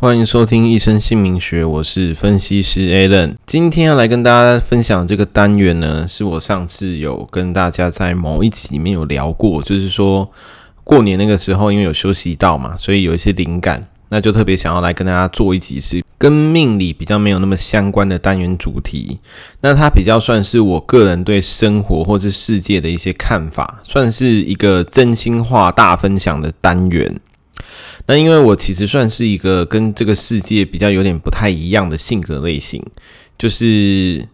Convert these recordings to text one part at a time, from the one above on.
歡迎收聽《易生姓名學》，我是分析師 Alen。今天要來跟大家分享這個單元呢，是我上次有跟大家在某一集裡面有聊過，就是說過年那個時候，因為有休息到嘛，所以有一些靈感，那就特別想要來跟大家做一集是跟命理比較沒有那麼相關的單元主題。那它比較算是我個人對生活或是世界的一些看法，算是一個真心話大分享的單元。那因為我其實算是一個跟這個世界比較有點不太一樣的性格類型，就是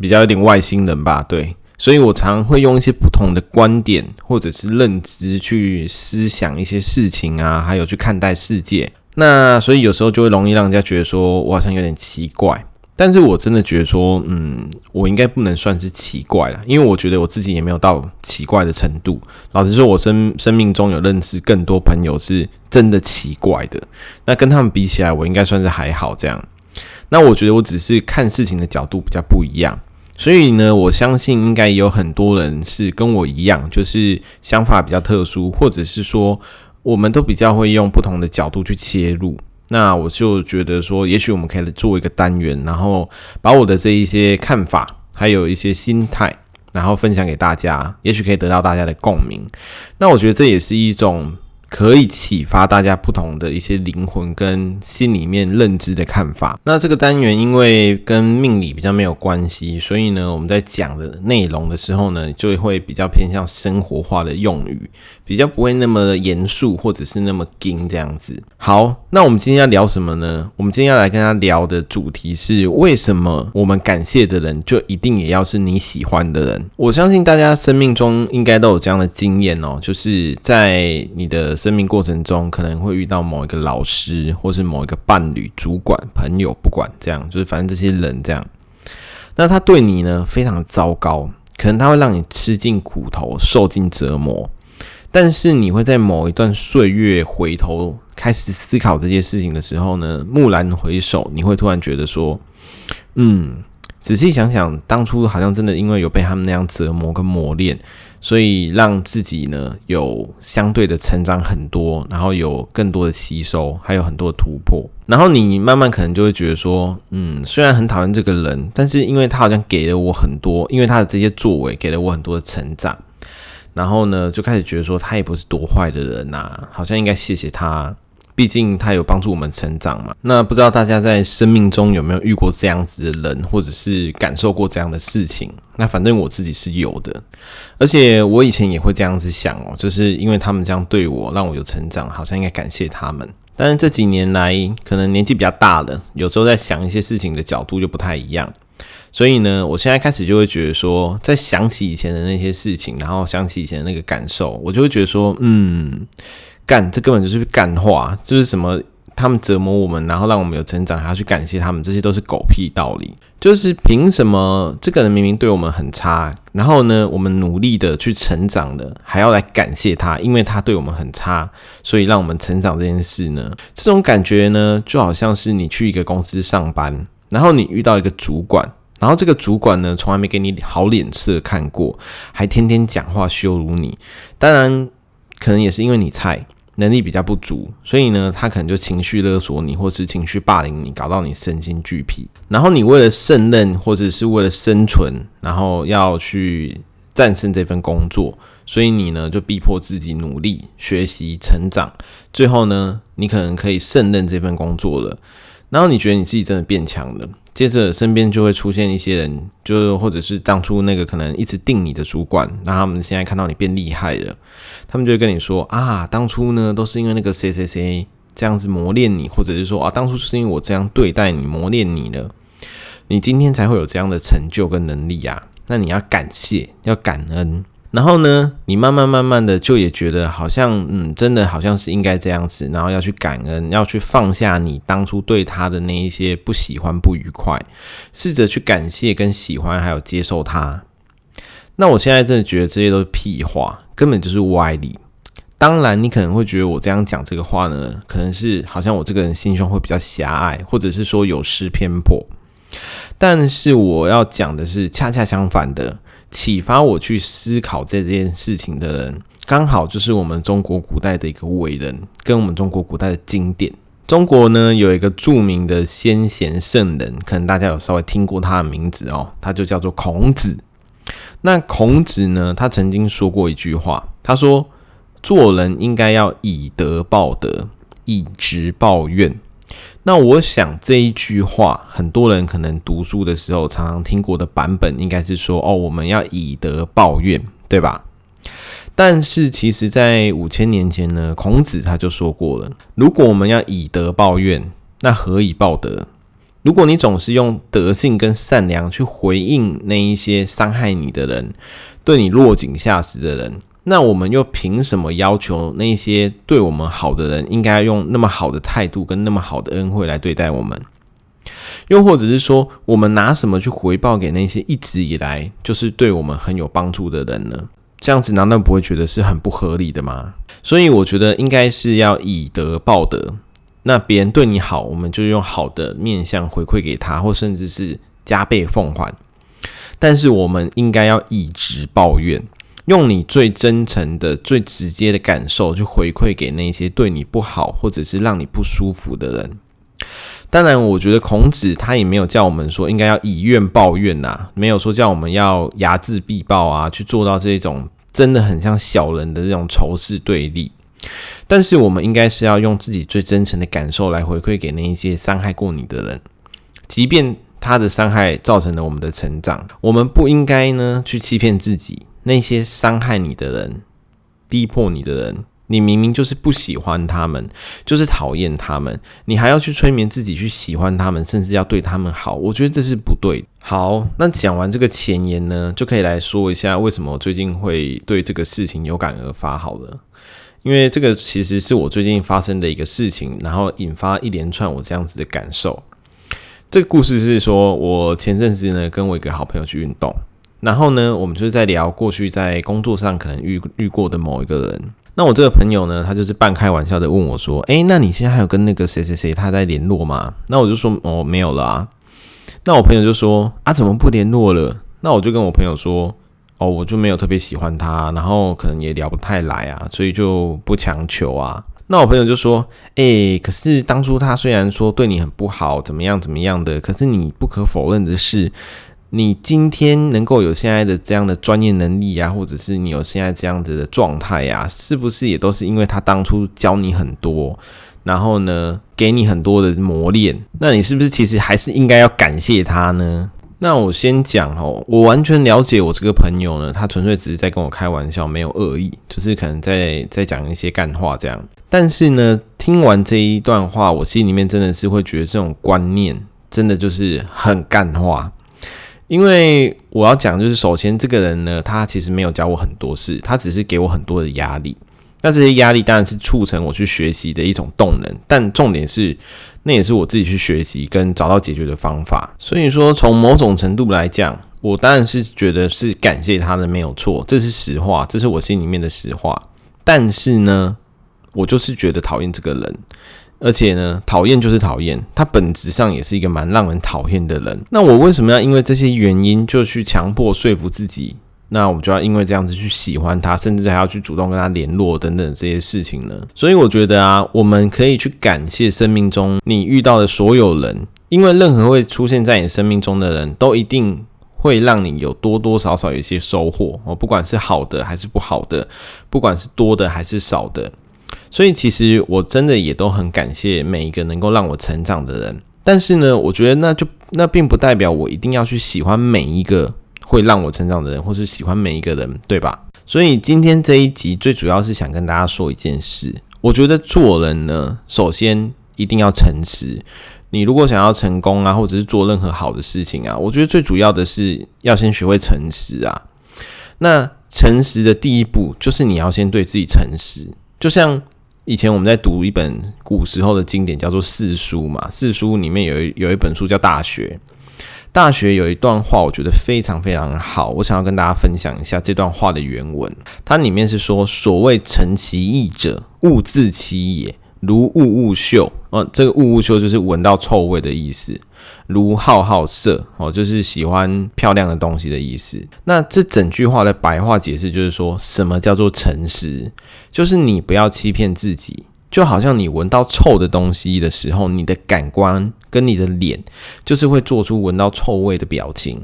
比較有點外星人吧，對，所以我常會用一些不同的觀點或者是認知去思想一些事情啊，還有去看待世界。那所以有時候就會容易讓人家覺得說我好像有點奇怪。但是我真的覺得說，嗯，我應該不能算是奇怪了，因為我覺得我自己也沒有到奇怪的程度。老實說，我生生命中有認識更多朋友，是真的奇怪的。那跟他們比起來，我應該算是還好這樣。那我覺得我只是看事情的角度比較不一樣，所以呢，我相信應該有很多人是跟我一樣，就是想法比較特殊，或者是說，我們都比較會用不同的角度去切入。那我就覺得說，也許我們可以做一個單元，然後把我的這一些看法，還有一些心態，然後分享給大家，也許可以得到大家的共鳴。那我覺得這也是一種。可以啟發大家不同的一些靈魂跟心裡面認知的看法。那這個單元因為跟命理比較沒有關係，所以呢，我們在講的內容的時候呢，就會比較偏向生活化的用語，比較不會那麼嚴肅或者是那麼硬這樣子。好，那我們今天要聊什麼呢？我們今天要來跟他聊的主題是：為什麼我們感謝的人就一定也要是你喜歡的人？我相信大家生命中應該都有這樣的經驗哦、喔，就是在你的。生命過程中可能會遇到某一個老師，或是某一個伴侶、主管、朋友，不管這樣，就是反正這些人這樣。那他對你呢，非常糟糕，可能他會讓你吃盡苦頭、受盡折磨。但是你會在某一段歲月回頭開始思考這些事情的時候呢，驀然回首，你會突然覺得說，嗯，仔細想想，當初好像真的因為有被他們那樣折磨跟磨練。所以讓自己呢，有相對的成長很多，然後有更多的吸收，還有很多的突破。然後你慢慢可能就會覺得說，嗯，雖然很討厭這個人，但是因為他好像給了我很多，因為他的這些作為給了我很多的成長。然後呢，就開始覺得說，他也不是多壞的人吶，啊，好像應該謝謝他。畢竟他有幫助我們成長嘛。那不知道大家在生命中有沒有遇過這樣子的人，或者是感受過這樣的事情？那反正我自己是有的，而且我以前也會這樣子想哦，就是因為他們這樣對我，讓我有成長，好像應該感謝他們。但是這幾年來，可能年紀比較大了，有時候在想一些事情的角度就不太一樣。所以呢，我現在開始就會覺得說，在想起以前的那些事情，然後想起以前的那個感受，我就會覺得說，嗯。幹這根本就是幹話，就是什麼他們折磨我們，然後讓我們有成長，還要去感謝他們，這些都是狗屁道理。就是憑什麼這個人明明對我們很差，然後呢，我們努力的去成長的，還要來感謝他，因為他對我們很差，所以讓我們成長這件事呢。這種感覺呢，就好像是你去一個公司上班，然後你遇到一個主管，然後這個主管呢，從來沒給你好臉色看過，還天天講話羞辱你。當然，可能也是因為你菜。能力比較不足，所以呢，他可能就情緒勒索你，或是情緒霸凌你，搞到你身心俱疲。然後你為了勝任，或者是為了生存，然後要去戰勝這份工作，所以你呢，就逼迫自己努力學習、成長。最後呢，你可能可以勝任這份工作了，然後你覺得你自己真的變強了。接着身邊就會出現一些人，就是或者是當初那個可能一直定你的主管，那他們現在看到你變厲害了，他們就會跟你說啊，當初呢都是因為那個誰誰誰這樣子磨練你，或者是說啊，當初是因為我這樣對待你磨練你了，你今天才會有這樣的成就跟能力啊，那你要感謝，要感恩。然後呢，你慢慢慢慢的就也覺得好像，嗯，真的好像是應該這樣子，然後要去感恩，要去放下你當初對他的那一些不喜歡、不愉快，試着去感謝跟喜歡，還有接受他。那我現在真的覺得這些都是屁話，根本就是歪理。當然，你可能會覺得我這樣講這個話呢，可能是好像我這個人心胸會比較狹隘，或者是說有失偏頗。但是我要講的是恰恰相反的。啟發我去思考這件事情的人，剛好就是我們中國古代的一個偉人，跟我們中國古代的經典。中國呢，有一個著名的先賢聖人，可能大家有稍微聽過他的名字哦、喔，他就叫做孔子。那孔子呢，他曾經說過一句話，他說：“做人應該要以德報德，以直報怨。”那我想這一句話，很多人可能讀書的時候常常聽過的版本，應該是說：“哦，我們要以德報怨，對吧？”但是其實，在五千年前呢，孔子他就說過了：如果我們要以德報怨，那何以報德？如果你總是用德性跟善良去回應那一些傷害你的人、對你落井下石的人。那我們又憑什麼要求那些對我們好的人應該用那麼好的態度跟那麼好的恩惠來對待我們？又或者是說，我們拿什麼去回報給那些一直以來就是對我們很有幫助的人呢？這樣子難道不會覺得是很不合理的嗎？所以我覺得應該是要以德報德，那別人對你好，我們就用好的面相回饋給他，或甚至是加倍奉還。但是我們應該要以直報怨。用你最真誠的、最直接的感受去回饋給那些對你不好或者是讓你不舒服的人。當然，我覺得孔子他也沒有叫我們說應該要以怨報怨吶、啊，沒有說叫我們要睚眦必報啊，去做到這種真的很像小人的這種仇視對立。但是，我們應該是要用自己最真誠的感受來回饋給那一些傷害過你的人，即便他的傷害造成了我們的成長，我們不應該呢去欺騙自己。那些傷害你的人、逼迫你的人，你明明就是不喜歡他們，就是討厭他們，你還要去催眠自己去喜歡他們，甚至要對他們好，我覺得這是不對的。好，那講完這個前言呢，就可以來說一下為什麼我最近會對這個事情有感而發好了。因為這個其實是我最近發生的一個事情，然後引發一連串我這樣子的感受。這個故事是說，我前陣子呢，跟我一個好朋友去運動。然後呢，我們就是在聊過去在工作上可能遇遇過的某一個人。那我這個朋友呢，他就是半開玩笑的問我說：“誒，那你現在還有跟那個誰誰誰他在聯絡嗎？”那我就說：“哦，沒有了啊。”那我朋友就說：“啊，怎麼不聯絡了？”那我就跟我朋友說：“哦，我就沒有特別喜歡他，然後可能也聊不太來啊，所以就不強求啊。”那我朋友就說：“誒，可是當初他雖然說對你很不好，怎麼樣怎麼樣的，可是你不可否認的是。”你今天能夠有現在的這樣的專業能力啊，或者是你有現在這樣子的狀態呀，是不是也都是因為他當初教你很多，然後呢，給你很多的磨練？那你是不是其實還是應該要感謝他呢？那我先講哦，我完全了解我這個朋友呢，他純粹只是在跟我開玩笑，沒有惡意，就是可能在在講一些幹話這樣。但是呢，聽完這一段話，我心裡面真的是會覺得這種觀念真的就是很幹話。因為我要講，就是首先這個人呢，他其實沒有教我很多事，他只是給我很多的壓力。那這些壓力當然是促成我去學習的一種動能，但重點是，那也是我自己去學習跟找到解決的方法。所以說，從某種程度來講，我當然是覺得是感謝他的沒有錯，這是實話，這是我心裡面的實話。但是呢，我就是覺得討厭這個人。而且呢，討厭就是討厭，他本質上也是一個蠻讓人討厭的人。那我為什麼要因為這些原因就去強迫說服自己？那我就要因為這樣子去喜歡他，甚至還要去主動跟他聯絡等等這些事情呢？所以我覺得啊，我們可以去感謝生命中你遇到的所有人，因為任何會出現在你生命中的人都一定會讓你有多多少少有一些收穫，哦，不管是好的還是不好的，不管是多的還是少的。所以其實我真的也都很感謝每一個能夠讓我成長的人，但是呢，我覺得那就那並不代表我一定要去喜歡每一個會讓我成長的人，或是喜歡每一個人，對吧？所以今天這一集最主要是想跟大家說一件事，我覺得做人呢，首先一定要誠實。你如果想要成功啊，或者是做任何好的事情啊，我覺得最主要的是要先學會誠實啊。那誠實的第一步就是你要先對自己誠實，就像，以前我們在讀一本古時候的經典，叫做四書嘛《四書》嘛，《四書》裡面有一有一本書叫大學《大學》。《大學》有一段話，我覺得非常非常好，我想要跟大家分享一下這段話的原文。它裡面是說：“所謂誠其意者，毋自欺也。如惡惡臭，啊、呃，這個惡惡臭就是聞到臭味的意思。”如好好色哦，就是喜歡漂亮的東西的意思。那這整句話的白話解釋就是說，什麼叫做誠實，就是你不要欺騙自己，就好像你聞到臭的東西的時候，你的感官跟你的臉就是會做出聞到臭味的表情。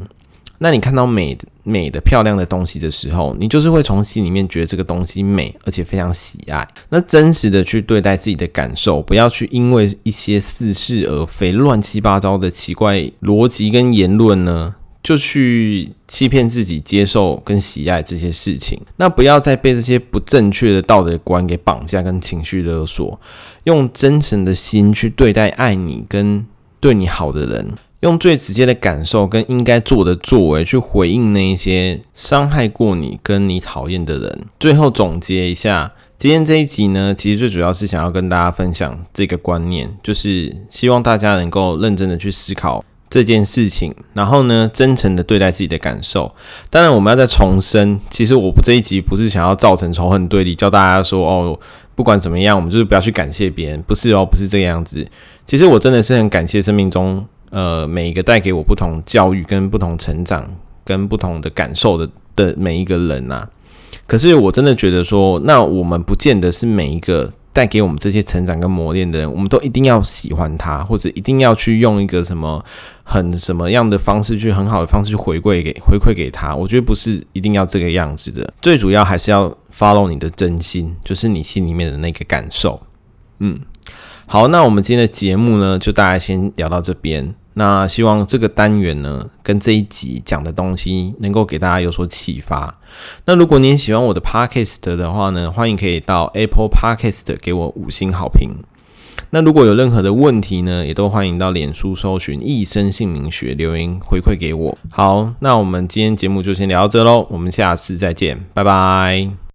那你看到美的美的漂亮的東西的時候，你就是會從心裡面覺得這個東西美，而且非常喜愛。那真實的去對待自己的感受，不要去因為一些似是而非、亂七八糟的奇怪邏輯跟言論呢，就去欺騙自己接受跟喜愛這些事情。那不要再被這些不正確的道德觀給綁架跟情緒勒索，用真誠的心去對待愛你跟對你好的人。用最直接的感受跟應該做的作為去回應那一些傷害過你跟你討厭的人。最後總結一下，今天這一集呢，其實最主要是想要跟大家分享這個觀念，就是希望大家能夠認真的去思考這件事情，然後呢，真誠的對待自己的感受。當然，我們要再重申，其實我這一集不是想要造成仇恨對立，教大家說哦，不管怎麼樣，我們就是不要去感謝別人，不是哦，不是這個樣子。其實我真的是很感謝生命中。呃，每一個帶給我不同教育，跟不同成長，跟不同的感受的的每一個人吶、啊，可是我真的覺得說，那我們不見得是每一個帶給我們這些成長跟磨練的人，我們都一定要喜歡他，或者一定要去用一個什麼很什麼樣的方式去很好的方式去回饋給回饋給他。我覺得不是一定要這個樣子的，最主要還是要 follow 你的真心，就是你心裡面的那個感受，嗯。好，那我們今天的節目呢，就大概先聊到這邊。那希望這個單元呢，跟這一集講的東西，能夠給大家有所啟發。那如果您喜歡我的 podcast 的話呢，歡迎可以到 Apple Podcast 給我五星好評。那如果有任何的問題呢，也都歡迎到臉書搜尋“易生姓名學”留言回饋給我。好，那我們今天節目就先聊到這嘍，我們下次再見，拜拜。